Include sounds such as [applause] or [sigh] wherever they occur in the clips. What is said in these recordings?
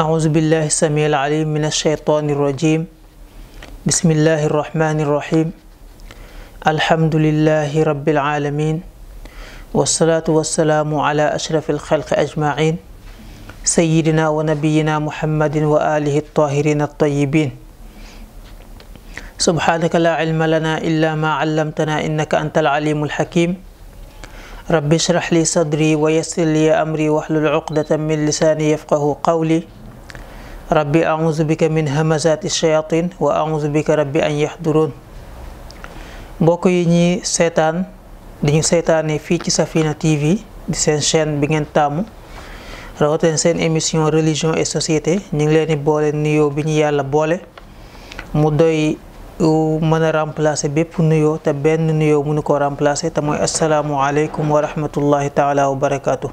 أعوذ بالله السميع العليم من الشيطان الرجيم بسم الله الرحمن الرحيم الحمد لله رب العالمين والصلاة والسلام على أشرف الخلق أجمعين سيدنا ونبينا محمد وآله الطاهرين الطيبين سبحانك لا علم لنا إلا ما علمتنا إنك أنت العليم الحكيم رب اشرح لي صدري ويسر لي أمري واحلل عقدة من لساني يفقه قولي ربي أعوذ بك من همزات الشياطين وأعوذ بك ربي أن يحضرون بوكو يني سيطان دي سيطان في تي سفينة تي في دي سين شين بي نين تامو راوتين سين إيميسيون ريليجيون اي سوسيتي ني لين بولين نيو بي ني يالا بولين مو دوي و مانا رامبلاسي بيب نيو تا نيو مونو كو رامبلاسي تا السلام عليكم ورحمه الله تعالى وبركاته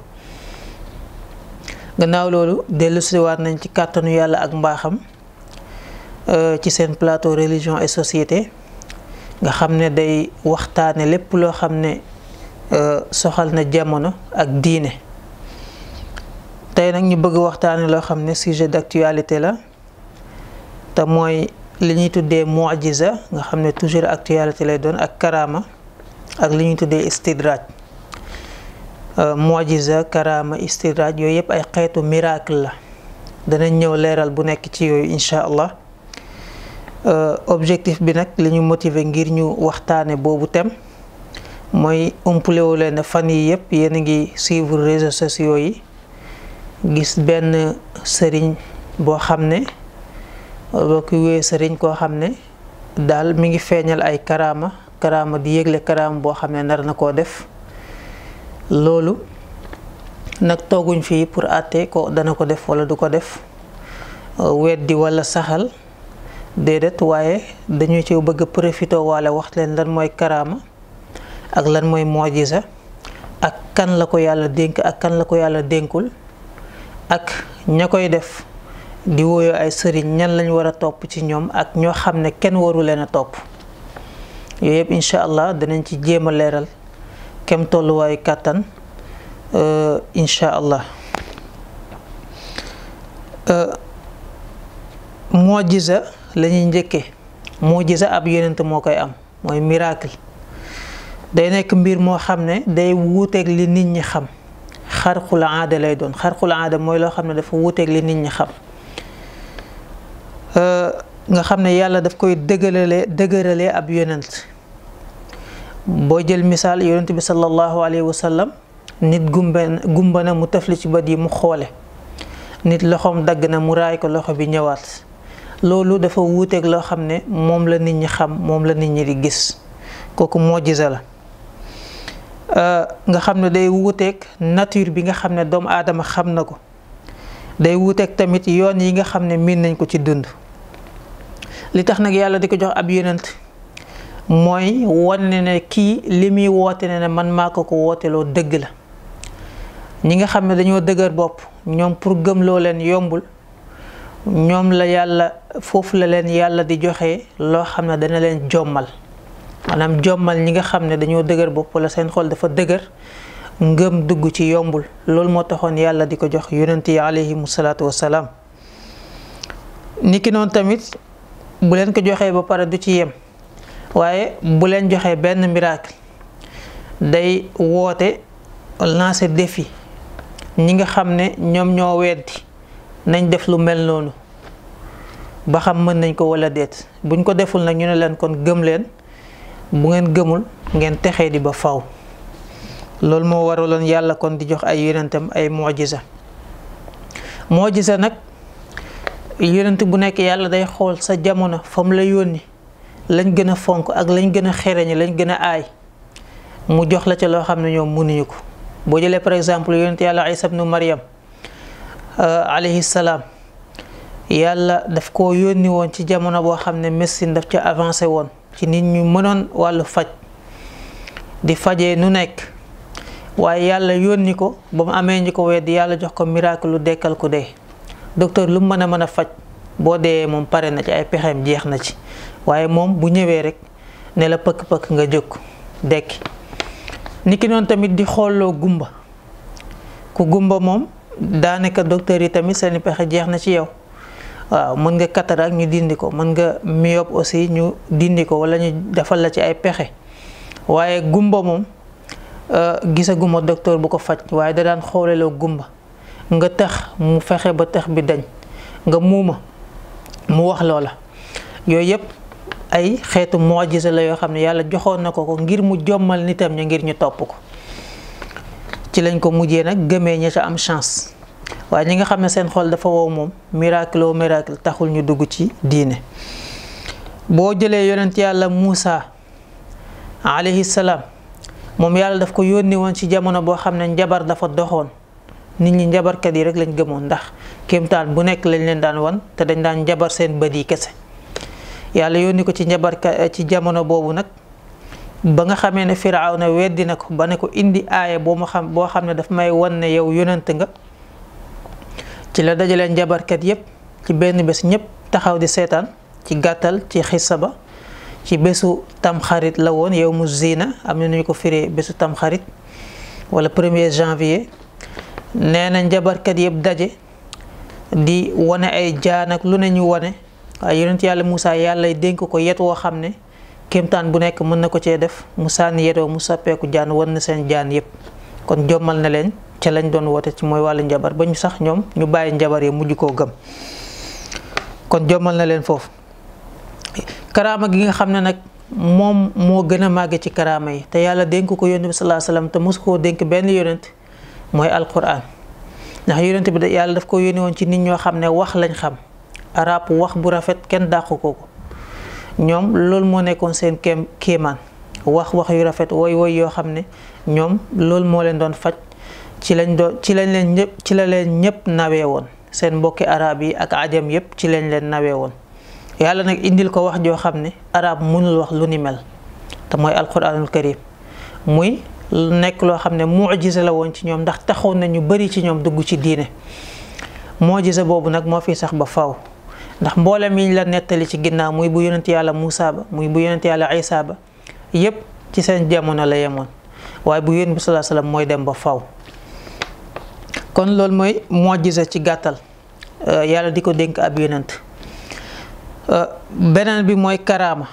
gannaaw loolu dellusiwaat nañ ci kàttanu yàlla ak mbaaxam ci seen plateau religion et société nga xam ne day waxtaane lépp loo xam ne soxal na jamono ak diine tey nag ñu bëgg waxtaane loo xam ne sujet d'actualité la te mooy li ñuy tuddee mu'jiza nga xam ne toujours actualité lay doon ak karama ak li ñuy tuddee istidraaj Euh, mujiza karaama istiraaj yooyu yëpp ay xeetu miracle la danañ ñëw leeral bu nekk ci yooyu incha allah euh, objectif bi nag li ñu motive ngir ñu waxtaane boobu tem mooy umplewu leen fan yii yëpp yéen a ngi suivre réseaux sociaux yi gis benn sëriñ boo xam ne boo ko wéyee sëriñ koo xam ne daal mi ngi feeñal ay karaama karaama di yëgle karaama boo xam ne nar na koo def loolu nag tooguñ fii pour àtte ko dana ko def wala du ko def euh, weddi wala saxal déedéet waaye dañu ci bëgg a profité waale wax leen lan mooy karaama ak lan mooy mojisa ak kan la ko yàlla dénk ak kan la ko yàlla dénkul ak ña koy def di wóoyoo ay sëriñ ñan lañu war a topp ci ñoom ak ñoo xam ne kenn waru leen a topp yooyu yëpp incha allah danañ ci jéem a leeral كم تلوي كتن آه، إن شاء الله أه معجزة لنجيك معجزة أبي ينتم موكاي أم موي ميراكل داي نيك مبير مو خامني داي ووتك لي نيت ني خام خرق العادة لاي دون خرق العادة موي لو خامني دا فا ووتك لي نيت ني خام أه nga xamne yalla daf koy deugalale deugalale ab yonent boo jël misaal yonent bi sallallahu alayhi wa sallam nit gumba gumba na mu tafli ci bët yi mu xoole nit loxoom dagg na mu raay ko loxo bi ñëwaat loolu dafa wuuteek loo xam ne moom la nit ñi xam moom la nit ñi di gis kooku mojisa la nga xam ne day wuuteeg nature bi nga xam ne doomu aadama xam na ko day wuuteeg tamit yoon yi nga xam ne miin nañ ko ci dund li tax nag yàlla di ko jox ab yonent mooy wan ne ne kii li muy woote ne ne man maa ko ko wooteloo dëgg la ñi nga xam ne dañoo dëgër bopp ñoom pour gëmloo leen yombul ñoom la yàlla foofu la leen yàlla di joxe loo xam ne dana leen jommal maanaam jommal ñi nga xam ne dañoo dëgër bopp wala seen xol dafa dëgër ngëm dugg ci yombul loolu moo taxoon yàlla di ko jox yonent yi aleyhimu salaatu wassalaam niki noonu tamit bu leen ko joxee ba pare du ci yem waaye bu leen joxee benn miracle day woote lancer défi ñi nga xam ne ñoom ñoo weddi nañ def lu mel noonu ba xam mën nañ ko wala déet buñ ko deful nag ñu ne leen kon gëm leen bu ngeen gëmul ngeen texee di ba faw loolu moo waraloon yàlla kon di jox ay yonentam ay mojisa mojisa nag yonent bu nekk yàlla day xool sa jamono fa mu la yónni lañ gën a fonk ak lañ gën a xereñe lañ gën a aay mu jox la ca loo xam ne ñoom mënuñu ko boo jëlee par exemple yonent yàlla isa bnu mariam euh, alayhi salaam yàlla daf ko yónni woon ci jamono boo xam ne médecine daf ca avancé woon ci nit ñu mënoon wàllu faj di fajee nu nekk waaye yàlla yónni ko ba mu amee ñi ko di yàlla jox ko miracle lu dekkal ku de docteur lu mu mën a mën a faj boo dee moom pare na ci ay pexeem jeex na ci waye mom bu ñëwee rek ne la pëk pëk nga jóg dék niki non tamit di xollo gumba ku gumba da naka docteur yi tamit seen pexé jeexna ci yow waaw mën nga cataracte ñu dindi ko mën nga myope aussi ñu dindi ko wala ñu defal la ci ay pexé waye gumba euh, gisa gumba docteur bu ko fajj waye da daan lo gumba nga tax mu fexé ba tax bi dañ nga muuma mu wax lola ay xeetu mojisa la yoo xam ne yàlla joxoon na ko ko ngir mu jommal nitam ña ngir ñu topp ko ci lañ ko mujjee nag gëmee ña ca am chance waaye ñi nga xam ne seen xool dafa wow moom miracle o oh taxul ñu dugg ci diine boo jëlee yonent yàlla Muusa alayhi salaam moom yàlla daf ko yónni woon ci jamono boo xam ne njabar dafa doxoon nit ñi njabarkat yi rek lañ gëmoon ndax kéemtaan bu nekk lañ leen daan wan te dañ daan njabar seen bët yi kese yàlla yónni ko ci njabarka eh, ci jamono boobu nag ba nga xamee ne firawna weddi na ko ba ne ko indi aaya boo ma xam boo xam ne daf may wan ne yow yonent nga ci la dajalee njabarkat yépp ci benn bés ñépp taxaw di seetaan ci gàttal ci xissa ci bésu tamxarit la woon yow mu zina am na ñu ko firee bésu tamxarit wala premier janvier nee na njabarkat yépp daje di wane ay jaan ak lu ne ñu wone waaye yonent yàlla Moussa yàlla dénk ko yet woo xam ne kéemtaan bu nekk mën na ko cee def mu sànni yetoo mu soppeeku jaan wan na seen jaan yépp kon jommal na leen ca lañ doon woote ci mooy wàllu njabar ba ñu sax ñoom ñu bàyyi njabar yi mujj koo gëm kon jommal na leen foofu karaama gi nga xam ne nag moom moo gën a màgg ci karaama yi te yàlla dénk ko yonent bi salaa salaam te mosu koo dénk benn yonent mooy alquran ndax yonent bi yàlla daf ko yónni ci nit ñoo xam ne wax lañ xam arab wax bu rafet ken dakh ko ko ñom loolu mo nekkon seen kéem kéemaan wax wax yu rafet way way yo xamne ñom ñoom mo len don fajj ci lañ do ci lañ len ñep ci la len ñep nawé won seen mbokk arab yi ak adam yep ci lañ len nawé won yàlla nak indil ko wax jo xamne arab mënul wax lu ni mel ta moy alquranul karim muy nek lo xamne mu'jiza la won ci ñom ndax taxoon nañu bari ci ñom dugg ci diine mu'jiza bobu nak mo fi sax ba faaw ndax mboolem yi la nettali ci ginnaaw muy bu yonent yàlla Moussa ba muy bu yonent yàlla Aïssa ba yépp ci seen jamono la yemoon waaye bu yonent bu salaa salaam mooy dem ba faw kon loolu mooy mojisa ci gàttal euh, yàlla di ko dénk ab yonent euh, beneen bi mooy karaama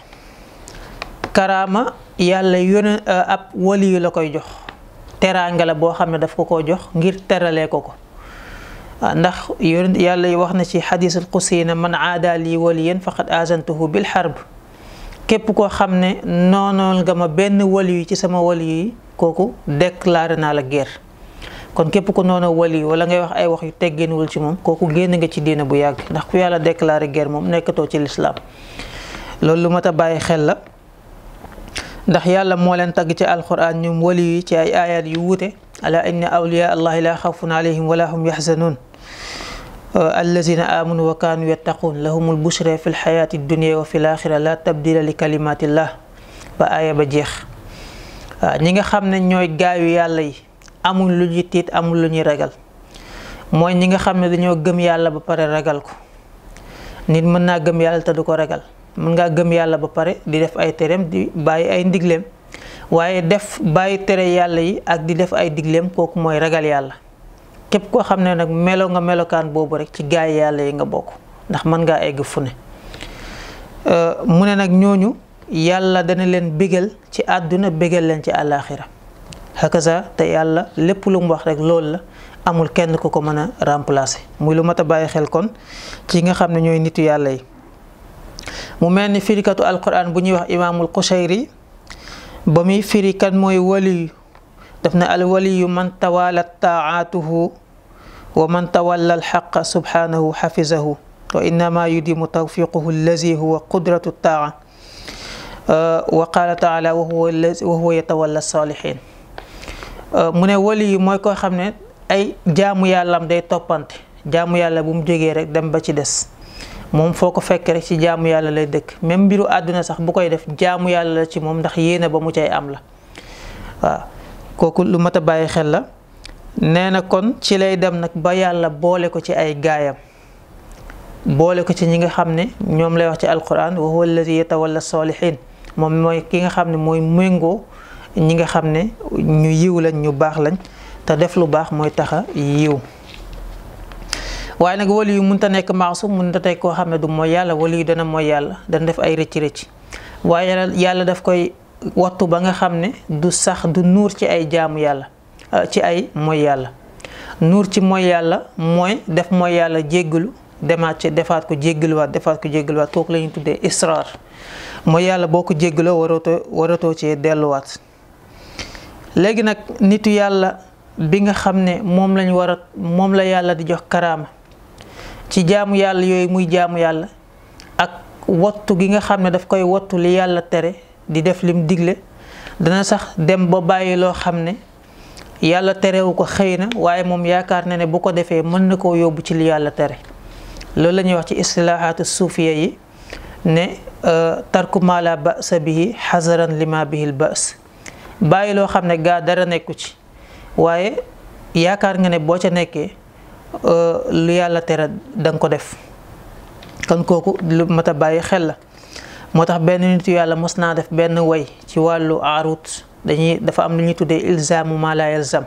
karaama yàlla yonent euh, ab waliyu la koy jox teraanga la boo xam ne daf ko ko jox ngir teralee ko ko Ah, ndax yonent yàlla yi wax na ci xadis al qudsi na man aada lii waliyan faqad aazantuhu bil xarb képp koo xam ne noonool nga ma benn wali yu ci sama wali yi kooku déclaré naa la ger kon képp ku noonu wali yi wala ngay wax ay wax yu teggeeniwul ci moom kooku génn nga ci diina bu yàgg ndax ku yàlla déclaré ger moom nekkatoo ci lislaam loolu lu mat a bàyyi xel la ndax yàlla moo leen tagg ci alquran ñoom wali yi ci ay ayat yu wute ألا إن أولياء الله لا خوف عليهم ولا هم يحزنون الذين آمنوا وكانوا يتقون لهم البشرى في الحياة الدنيا وفي الآخرة لا تبديل لكلمات الله بآية بجيخ نيغا خامنا نيوي غاوي يالا يي امول لوني تيت امول لوني راغال موي نيغا خامنا دانيو گم يالا با بار راغال كو نيت مننا گم يالا تا دوكو راغال منغا گم يالا با بار دي ديف اي تريم دي باي اي نديغلم waaye def bàyyi tere yàlla yi ak di def ay digleem kooku mooy ragal yàlla képp koo xam ne nag melo nga melokaan boobu rek ci gaay yàlla yi nga bokk ndax mën ngaa egg fu ne euh, mu ne nag ñooñu yàlla dana leen bégal ci àdduna bégal leen ci àllaaxira hakaza te yàlla lépp lu mu wax rek loolu la amul kenn ku ko mën a remplacer muy lu mat a bàyyi xel kon ci nga xam ne ñooy nitu yàlla yi mu mel ni firikatu alquran bu ñuy wax imaamul Qushayri بمي فيري كان موي ولي دفنا الولي من توالت طاعاته ومن تولى الحق سبحانه حفظه وإنما يديم توفيقه الذي هو قدرة الطاعة أه وقال تعالى وهو, وهو يتولى الصالحين أه من ولي موي كو خمنا أي جامو يالام داي توبانتي جامو يالام بوم جيغي رك دم باتي دس moom foo ko fekk rek ci jaamu yàlla lay dëkk même mbiru àdduna sax bu koy def jaamu yàlla la ci moom ndax yéene ba mu cay am la waaw kooku lu mat a bàyyi xel la nee na kon ci lay dem nag ba yàlla boole ko ci ay gaayam boole ko ci ñi nga xam ne ñoom lay wax ci alquran wa huwa alladi yatawalla salihin moom mooy ki nga xam ne mooy méngoo ñi nga xam ne ñu yiw lañ ñu baax lañ te def lu baax mooy taxa yiw waaye nag wali yu mënta nekk maasum mënta teg koo xam ne du mooy yàlla wali yu dana mooy yàlla dana def ay rëcc rëcc waaye yàlla daf koy wattu ba nga xam ne du sax du nuur ci ay jaamu yàlla ah, ci ay mooy yàlla nuur ci mooy yàlla mooy def mooy yàlla jéggalu demaat ci defaat ko jéggaluwaat defaat ko jéggaluwaat kooku la tuddee israr mooy yàlla boo ko jéggaloo waratoo waratoo ci delluwaat léegi nag nitu yàlla bi nga xam ne moom lañ war a moom la yàlla di jox karaama ci jaamu yàlla yooyu muy jaamu yàlla ak wottu gi nga xam ne daf koy wottu li yàlla tere di def lim digle dana sax dem ba bàyyi loo xam ne yàlla terewu ko xëy na waaye moom yaakaar na ne bu ko defee mën na koo yóbbu ci li yàlla tere loolu lañuy wax ci istilahaatu suufiya yi ne euh, tarku ma la ba'sa bihi xazaran lima bihil ba's bàyyi loo xam ne gaa dara nekku ci waaye yaakaar nga ne boo ca nekkee Euh, lu yàlla tera da nga ko def kan kooku lu mat a bàyyi xel la moo tax benn nitu yàlla mos naa def benn woy ci wàllu aarut dañuy dafa am lu ñuy tuddee ilzaamu maa laa yalzam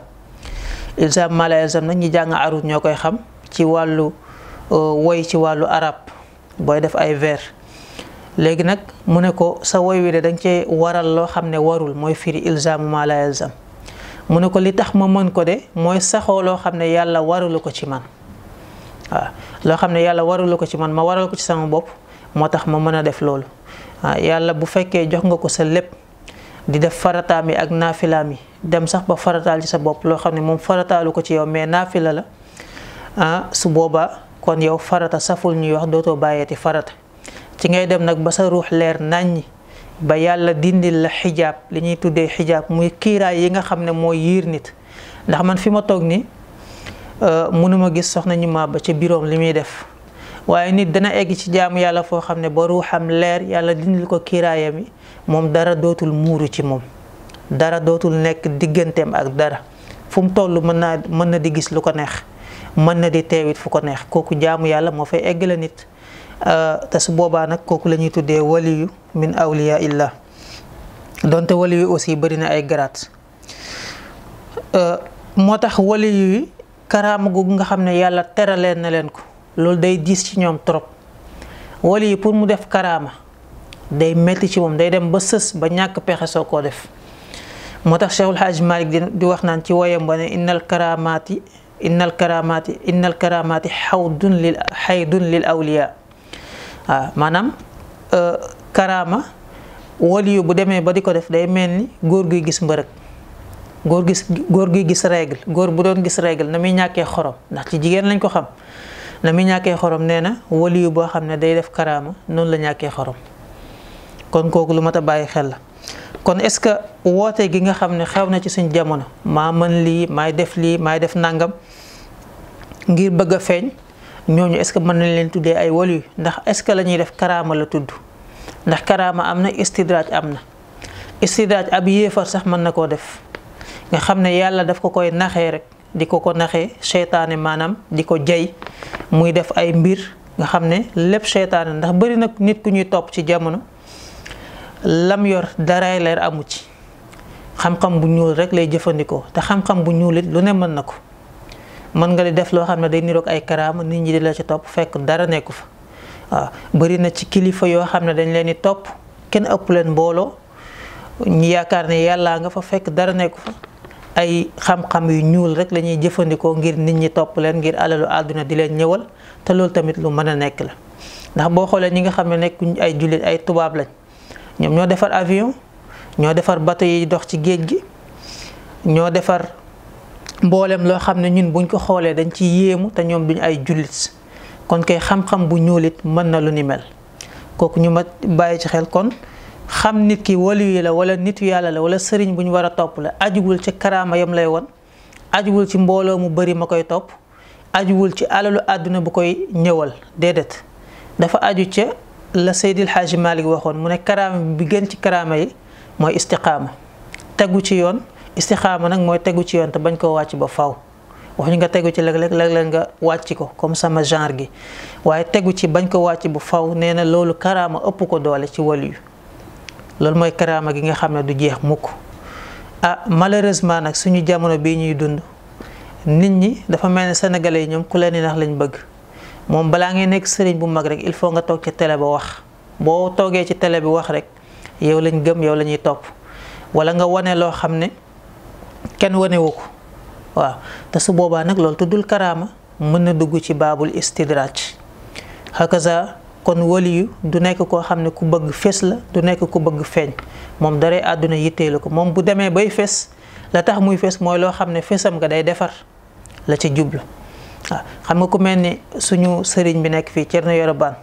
ilzaamu maa jàng aarut ñoo koy xam ci wàllu euh, woy ci wàllu arab booy def ay vers léegi nag mu ne ko sa woy wi de danga cee waral loo xam ne warul mooy firi ilzaamu maa laa mu ne ko li tax ma mën ko de mooy saxoo loo xam ne yàlla warulu ko ci man waaw loo xam ne yàlla warulu ko ci man ma waral ko ci sama bopp moo tax ma mën a def loolu yàlla bu fekkee jox nga ko sa lépp di def farataam yi ak naafilaam yi dem sax ba farataal ci sa bopp loo xam ne moom farataalu ko ci yow mais naafila la ah su boobaa kon yow farata saful ñuy wax dootoo bàyyeeti farata ci ngay dem nag ba sa ruux leer nàññi ba yàlla dindil la xijaab li ñuy tuddee xijaab muy kiiraay yi nga xam ne mooy yiir nit ndax man fi ma toog ni euh, mënuma gis soxna ñu ma ba ci biroom li muy def waaye nit dana egg ci jaamu yàlla foo xam ne ba ruuxam leer yàlla dindil ko kiiraayam yi moom dara dootul muuru ci moom dara dootul nekk digganteem ak dara fu mu toll mën naa mën na di gis lu ko neex mën na di teewit fu ko neex kooku jaamu yàlla moo fay egg la nit Euh, te su boobaa nag kooku la ñuy tuddee waliyu min awliya illah donte waliyu aussi bëri na ay garaat euh, moo tax waliyu yi karaama googu nga xam ne yàlla teraleen na leen ko loolu day diis ci ñoom trop waliyu pour mu def karaama day metti ci moom day dem ba sës ba ñàkk pexe soo koo def moo tax Cheikhul Hadj Malick di wax naan ci woyam ba ne innal karaamaati innal karaamaati innal karaamaati xawdun lil xaydun awliya waaw maanaam euh, karaama waliyu bu demee ba di ko def day mel ni góor guy gis mbërëg góor gis góor guy gis règle góor bu doon gis règle na muy ñàkkee xorom ndax ci jigéen lañ ko xam na muy ñàkkee xorom nee na waliyu boo xam ne day def karaama noonu la ñàkkee xorom kon kooku lu mat a bàyyi xel la kon est-ce que woote gi nga xam ne xew na ci suñ jamono maa mën lii maay def lii maay def nangam ngir bëgg a feeñ ñooñu est ce que mën nañ leen tuddee ay waliyu ndax est ce que la ñuy def karaama la tudd ndax karaama am na istidraaj am na istidraaj ab yéefar sax mën na koo def nga xam ne yàlla daf ko koy naxee rek di ko ko naxee seytaane maanaam di ko jay muy def ay mbir nga xam ne lépp seytaane ndax bëri nag nit ku ñuy topp ci jamono lam yor daraay leer amu ci xam-xam bu ñuul rek lay jëfandikoo te xam-xam bu ñuul it lu ne mën na ko mën nga di def loo xam ne day niroog ay karaama nit ñi di la ci topp fekk dara nekku fa waaw bëri na ci kilifa yoo xam ne dañ leen di topp kenn ëpp leen mbooloo ñu yaakaar ne yàllaa nga fa fekk dara nekku fa ay xam-xam yu ñuul rek lañuy jëfandikoo ngir nit ñi topp leen ngir alalu àdduna di leen ñëwal te loolu tamit lu mën a nekk la ndax boo xoolee ñi nga xam ne nekkuñ ay jullit ay tubaab lañ ñoom ñoo defar avion ñoo defar bateau yi dox ci géej gi ñoo defar mbooleem loo xam ne ñun buñ ko xoolee dañ ci yéemu te ñoom duñ ay jullit kon kay xam-xam bu ñuul it mën na lu ni mel kooku ñu ma bàyyi ci xel kon xam nit ki waliyu la wala nitu yàlla la wala sëriñ bu ñu war a topp la ajuwul ci karaama yam lay won ajuwul ci mbooloo mu bari ma koy topp ajuwul ci alalu àdduna bu koy ñëwal déedéet dafa aju ca la Seydil Hadji Malick waxoon mu ne karaama bi gën ci karaama yi mooy istiqaama tegu ci yoon istixaama nag mooy tegu ci yoon te bañ koo wàcc ba faw wax ñu nga tegu ci léeg-léeg léeg-léeg nga wàcc ko comme sama genre gi waaye tegu ci bañ ko wàcc bu faw nee na loolu karaama ëpp ko doole ci waliyu loolu mooy karaama gi nga xam ne du jeex mukk ah malheureusement nag suñu jamono bii ñuy dund nit ñi dafa mel ne sénégalais yi ñoom ku leen di nax lañ bëgg moom balaa ngay nekk sëriñ bu mag rek il faut nga toog ci télé ba wax boo toogee ci tele bi wax rek yow lañ gëm yow la ñuy loo xam ne kenn wanewu ko waaw te su boobaa nag loolu tuddul karaama mën na dugg ci baabul istidraaj hakaza kon waliyu du nekk koo xam ne ku bëgg fés la du nekk ku bëgg feeñ moom daree àdduna yitteelu ko moom bu demee bay fés la tax muy fees mooy loo xam ne feesam nga day defar la ci jublu waaw xam nga ku mel ni suñu sëriñ bi nekk fii Thierno Yoro Bane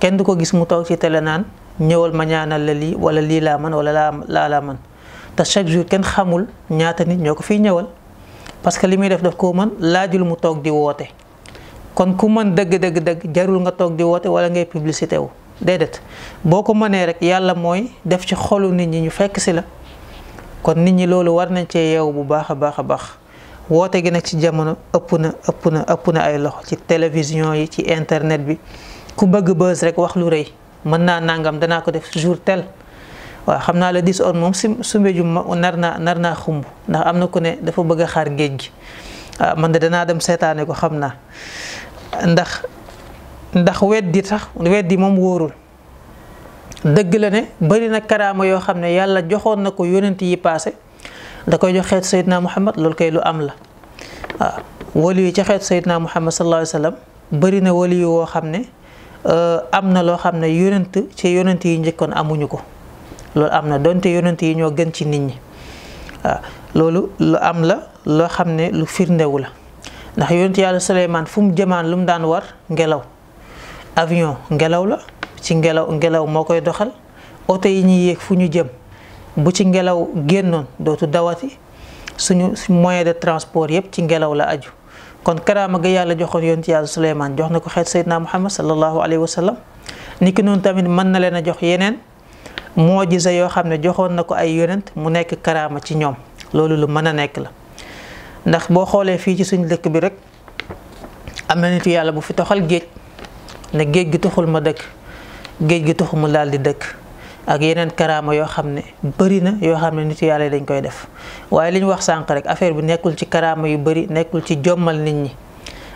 kenn du ko gis mu toog ci télé naan ñëwal ma ñaanal la lii wala lii laa man wala laa laa mën te chaque jour ken xamul ñaata nit ñoko fi ñëwal parce que li def daf ko man lajul mu tok di wote kon ku man dëgg dëgg dëgg jarul nga tok di wote wala ngay publicité wu dedet boko mané rek yàlla moy def ci xolu nit ñi ñu fekk ci la kon nit ñi lolu war nañ ci yew bu baaxa baaxa baax wote gi nak ci jamono ëpp na ëpp na ëpp na ay loxo ci télévision yi ci internet bi ku bëgg buzz rek wax lu reuy man na nangam dana ko def jour tel waaw xam naa la dis or moom si sumbéju nar naa nar naa xumb ndax am na ko ne dafa bëgg a xaar géej gi man de danaa dem seetaane ko xam naa ndax ndax weddi tax weddi moom wóorul dëgg la ne bari na karaama yoo xam ne yàlla joxoon na ko yonent yi paase da koy jox xeet Seydina Muhammad loolu kay lu am la waaw wali yu ci xeetu Seydina Muhammad sallallahu alayhi wa sallam bari na wali woo xam ne euh, am na loo xam ne yonent ci yonent yi njëkkoon amuñu ko loolu am na donte yonent yi ñoo gën ci nit ñi waaw ah, lu am la loo xam ne lu firndewu la ndax yonent yàlla Suleymaan fu mu jëmaan lu mu daan war ngelaw avion ngelaw la ci ngelaw ngelaw moo koy doxal oto yi ñuy yéeg fu ñu jëm bu ci ngelaw génnoon dootu dawati suñu moyen de transport yépp ci ngelaw la aju kon karaama ga yàlla joxoon yonent yàlla Suleymaan jox na ko xeet Seydina Muhammad sallallahu alayhi wa sallam niki noonu tamit mën na leen a jox yeneen mojisa yoo xam ne joxoon na ko ay yonent mu nekk karaama ci ñoom loolu lu mën a nekk la ndax boo xoolee fii ci suñu dëkk bi rek am na nitu yàlla bu fi toxal géej ne géej gi tuxul ma dëkk géej gi tuxu mu daal di dëkk ak yeneen karaama yoo xam ne bari na yoo xam ne nitu yàlla dañ koy def waaye li ñu wax sànq rek affaire bi nekkul ci karaama yu bari nekkul ci jommal nit ñi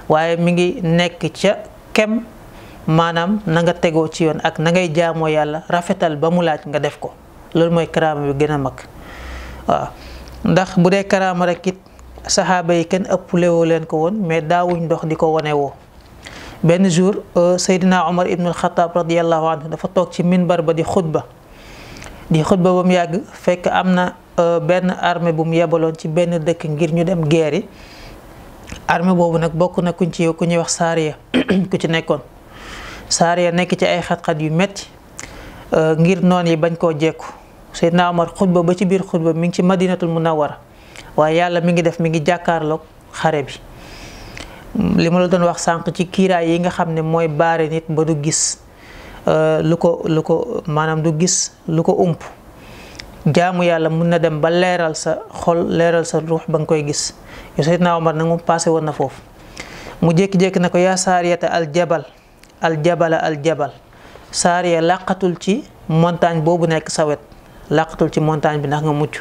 waaye mi ngi nekk ca kem manam na nga teggo ci yoon ak na ngay jaamoo yalla rafetal ba mu laaj nga def ko lool moy karama bi gëna mak wa ndax bu dee karaama rek kit sahaba yi kenn ëppulewoo len ko won mais daawuñ dox benn euh, sayyidina umar Omar al-khattab radiallahu anhu dafa tok ci minbar ba di khutba di khutba bam yag fekk amna na euh, benn armée bu mu yebaloon ci benn dëkk ngir ñu dem guerre yi armée bobu nak bokku na kuñ ci ku ñuy wax sariya [clears throat] ku ci nekkone saar ya nek ci ay xat-xat yu metti euh, ngir non yi bañ ko jekku sayyidna umar khutba ba ci bir khutba mi ngi ci madinatul munawwar wa yalla mi ngi def mi ngi jàkkaarloog xare bi limu la doon wax sank ci kira yi nga xamne moy nit ba du gis euh, lu luko luko du gis luko ump jaamu yalla mun na dem ba leral sa xol leral sa ruh ba nga koy gis yo sayyidna umar na ngum passé woon na mu jek jek nako ya sariyata al jabal aljabala aljabal saar ya làqatul ci montagne boobu nekk sa wet làqatul ci montagne bi ndax nga mucc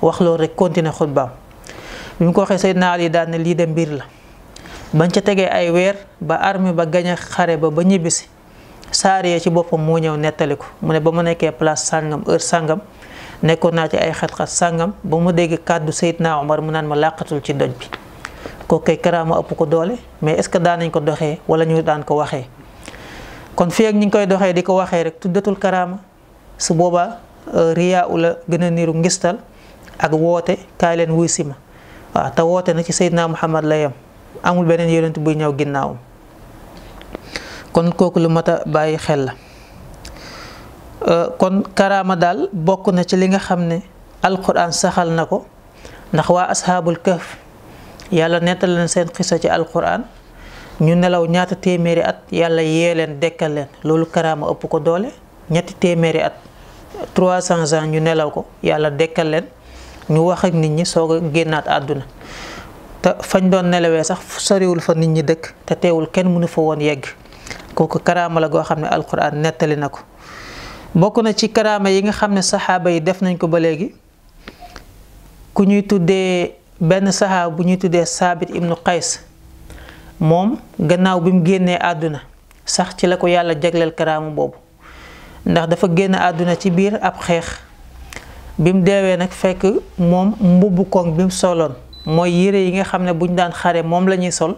wax loolu rek continuer xutbaam bi mu ko waxee Seydina Ali daal ne lii de mbir la bañ ca tegee ay weer ba armée ba gañ a xare ba ba ñibbisi saar ya ci boppam moo ñëw nettali ko mu ne ba mu nekkee place sàngam heure sàngam nekkoon naa ci ay xat-xat sàngam ba mu dégg kàddu Seydina Omar mu naan ma làqatul ci doj bi kooku kay karaama ëpp ko doole mais est ce que daan nañ ko doxee wala ñu daan ko waxee kon fi ak ñi ngi koy doxee di ko rek tuddatul karama su boba riya u gëna niru ngistal ak wote kay leen wuy si ma waaw te na ci Seydina Muhammad la yam amul benen yoonent bu ñëw ginnaw kon koku lu mata bàyyi xel la kon karama dal bokku na ci li nga xamne alquran saxal nako ndax wa ashabul kahf yàlla netal na seen xissa ci alquran ñu nelaw ñaata téeméeri at yàlla yee leen dekkal leen loolu karaama ëpp ko doole ñetti téeméeri at trois cent ans ñu nelaw ko yàlla dekkal leen ñu wax ak nit ñi soog a génnaat àdduna te fañ doon nelawee sax soriwul fa nit ñi dëkk te teewul kenn mënu fa woon yegg kooku karaama la goo xam ne alquran nettali na ko bokk na ci karaama yi nga xam ne saxaaba yi def nañ ko ba léegi ku ñuy tuddee benn saxaaba bu ñuy tuddee saabit ibnu qays moom gannaaw bi mu génnee àdduna sax ci la ko yàlla jagleel karaamu boobu ndax dafa génn àdduna ci biir ab xeex bi mu deewee nag fekk moom mbubb koŋ bi mu soloon mooy yére yi nga xam ne bu ñu daan xare moom lañuy sol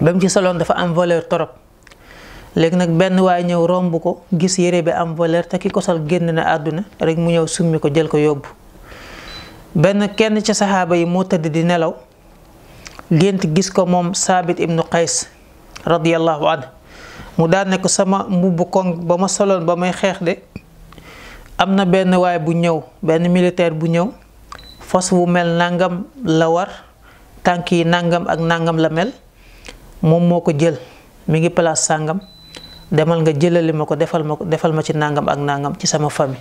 ba mu ci soloon dafa am voleur torop léegi nag benn waay ñëw romb ko gis yére bi am valeur te ki ko sol génn na àdduna rek mu ñëw summi ko jël ko yóbbu benn kenn ci saxaaba yi moo tëdd di nelaw gént gis ko moom saabit ibnu qays radiallahu anhu mu daan ne ko sama mbubb koŋ ba ma soloon ba may xeex de am na benn waay bu ñëw benn militaire bu ñëw fas wu mel nangam la war tànk yi nangam ak nangam la mel moom moo ko jël mu ngi place sàngam demal nga jëlali ma ko defal ma defal ma ci nangam ak nangam ci sama famille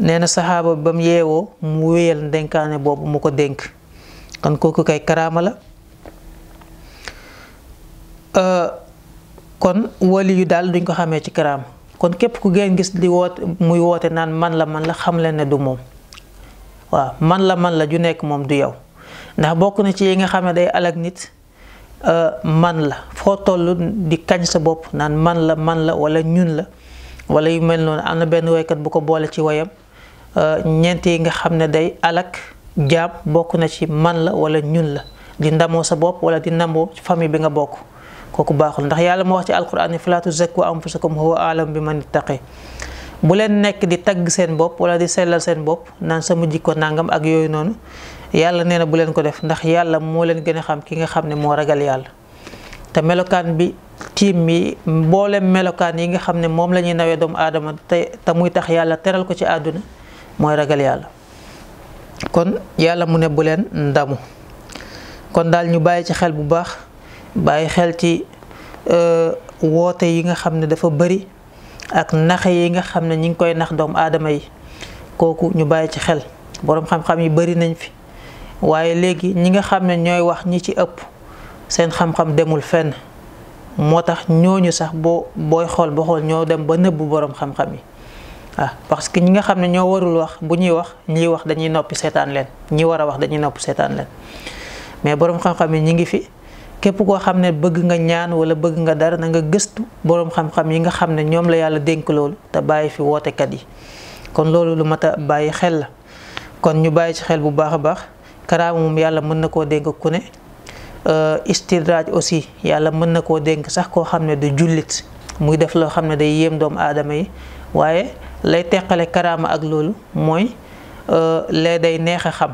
nee na saxaaba ba mu yeewoo mu wéyal ndenkaane boobu mu ko dénk kon kooku kay karaama la Euh, kon wali yu daal duñ ko xamee ci karaama kon képp ku ngeen gis di woote muy woote naan man la man la xam leen ne du moom waaw man la man la ju nekk moom du yow ndax bokk na ci yi nga xam ne day alag nit euh, man la foo toll di kañ sa bopp naan man la man la wala ñun la wala yu mel noonu am na benn woykat bu ko boole ci woyam euh, ñeent yi nga xam ne day alag jaam bokk na ci man la wala ñun la di ndamoo sa bopp wala di ndamoo famille bi nga bokk kooku baaxul ndax yàlla moo wax ci alquran ni fala ko anfusakum huwa aalam bi man ittaqi bu leen nekk di tagg seen bopp wala di sellal seen bopp naan sama jikko nangam ak yooyu noonu yàlla nee na bu leen ko def ndax yàlla moo leen gën a xam ki nga xam ne moo ragal te melokaan bi tiim bi mboolem melokaan yi nga xam ne moom la nawee doomu aadama te te muy tax yàlla teral ko ci àdduna mooy ragal yàlla kon yàlla mu ne bu leen ndamu kon daal ñu bàyyi ci xel bu baax bay xel ci euh, wote yi nga xamne dafa bari ak naxe yi nga xamne ne ñi ngi koy nax doom adamay koku ñu bay ci xel borom xam-xam yi bari nañ fi waye legi ñi nga xamne ñoy wax ñi ci ëpp seen xam-xam demul fenn motax ñoñu sax bo boy xol bo xol ñoo dem ba neub borom xam-xam yi ah parce que ñi nga xamne ne ñoo warul wax bu ñi wax ñi wax dañuy nopi setan len ñi wara wax dañuy nopi setan len mais borom xam-xam yi ñi ngi fi képp koo xam ne bëgg nga ñaan wala bëgg nga dara na nga gëstu boroom xam-xam yi nga xam ne ñoom la yàlla dénk loolu te bàyyi fi wootekat yi kon loolu lu mat a bàyyi xel la kon ñu bàyyi ci xel bu baax a baax karaama moom yàlla mën na koo dénk ku ne euh, istidraaj aussi yàlla mën na koo dénk sax koo xam ne du jullit muy def loo xam ne day yéem doom aadama yi waaye lay teqale karaama ak loolu mooy euh, lee day neex a xam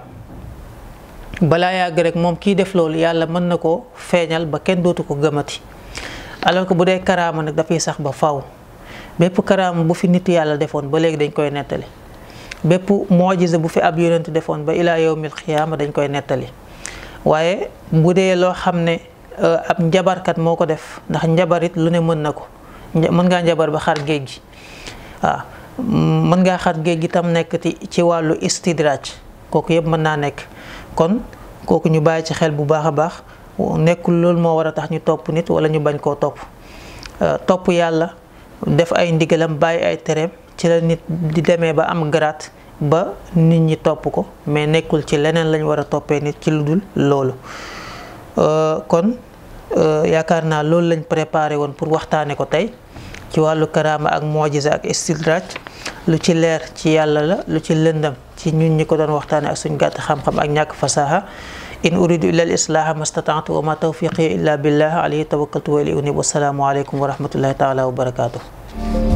balaa yàgg rek moom kii def loolu yàlla mën na koo feeñal ba kenn dootu ko gëmati alors ko bu dee karaama nag dafay sax ba faw bépp karaama bu fi nit yàlla defoon ba léegi dañ koy nettali bépp mojise bu fi ab yonent defoon ba ilaa yawmil xiyaama dañ koy nettali waaye bu dee loo xam ne euh, ab njabarkat moo ko def ndax njabarit lu ne mën na ko mën ngaa njabar ba xar géej gi waaw mën ngaa xar géej gi tam nekk ci wàllu istidraaj kooku yëpp mën naa nekk kon kooku ñu bàyyi ci xel bu baax a baax nekkul loolu moo war a tax ñu topp nit wala ñu bañ koo topp euh, topp yàlla def ay ndigalam bàyyi ay tereem ci la nit di demee ba am garaat ba nit ñi topp ko mais nekkul ci leneen lañ war a toppee nit ci lu dul loolu euh, kon euh, yaakaar naa loolu lañ préparé woon pour waxtaane ko tey ci wàllu karaama ak mujiza ak istidraaj lu ci leer ci yàlla la lu ci lëndam ci ñun ñi ko doon waxtaane ak sunu gatt gàtt xam-xam ak ñàkk fasaha in uridu illa al islaha mastataatu wa ma tawfiqi illa billah alayhi tawakkaltu wa ilayhi unib wassalaamu alaykum wa rahmatullahi taala wa barakatuh